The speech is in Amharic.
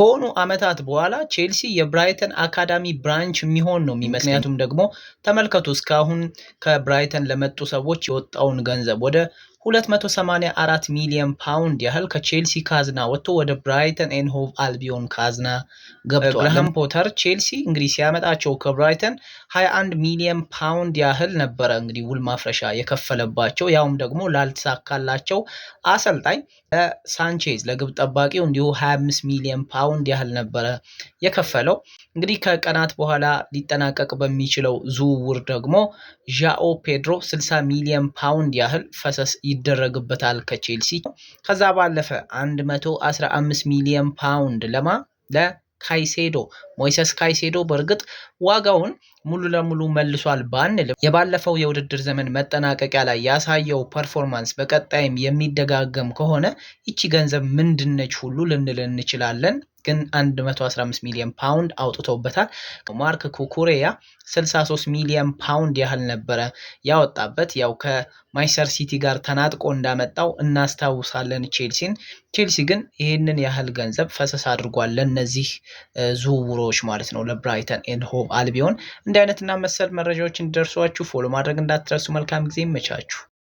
ከሆኑ አመታት በኋላ ቼልሲ የብራይተን አካዳሚ ብራንች የሚሆን ነው የሚመስል። ምክንያቱም ደግሞ ተመልከቱ እስካሁን ከብራይተን ለመጡ ሰዎች የወጣውን ገንዘብ ወደ 284 ሚሊዮን ፓውንድ ያህል ከቼልሲ ካዝና ወጥቶ ወደ ብራይተን ኤን ሆቭ አልቢዮን ካዝና ገብቷል። ፖተር ቼልሲ እንግዲህ ሲያመጣቸው ከብራይተን 21 ሚሊዮን ፓውንድ ያህል ነበረ እንግዲህ ውል ማፍረሻ የከፈለባቸው ያውም ደግሞ ላልተሳካላቸው አሰልጣኝ ለሳንቼዝ ለግብ ጠባቂው እንዲሁ 25 ሚሊዮን ፓውንድ ያህል ነበረ የከፈለው። እንግዲህ ከቀናት በኋላ ሊጠናቀቅ በሚችለው ዝውውር ደግሞ ዣኦ ፔድሮ 60 ሚሊዮን ፓውንድ ያህል ፈሰስ ይደረግበታል ከቼልሲ። ከዛ ባለፈ 115 ሚሊዮን ፓውንድ ለማ ለካይሴዶ ሞይሰስ ካይሴዶ በእርግጥ ዋጋውን ሙሉ ለሙሉ መልሷል ባንልም የባለፈው የውድድር ዘመን መጠናቀቂያ ላይ ያሳየው ፐርፎርማንስ በቀጣይም የሚደጋገም ከሆነ ይቺ ገንዘብ ምንድነች ሁሉ ልንል እንችላለን። ግን 115 ሚሊዮን ፓውንድ አውጥተውበታል። ማርክ ኩኩሬያ 63 ሚሊዮን ፓውንድ ያህል ነበረ ያወጣበት። ያው ከማንችስተር ሲቲ ጋር ተናጥቆ እንዳመጣው እናስታውሳለን ቼልሲን። ቼልሲ ግን ይህንን ያህል ገንዘብ ፈሰስ አድርጓል ለእነዚህ ዝውውሮች ማለት ነው፣ ለብራይተን ኤንድ ሆቭ አልቢዮን። እንዲህ አይነትና መሰል መረጃዎች እንዲደርሷችሁ ፎሎ ማድረግ እንዳትረሱ። መልካም ጊዜ ይመቻችሁ።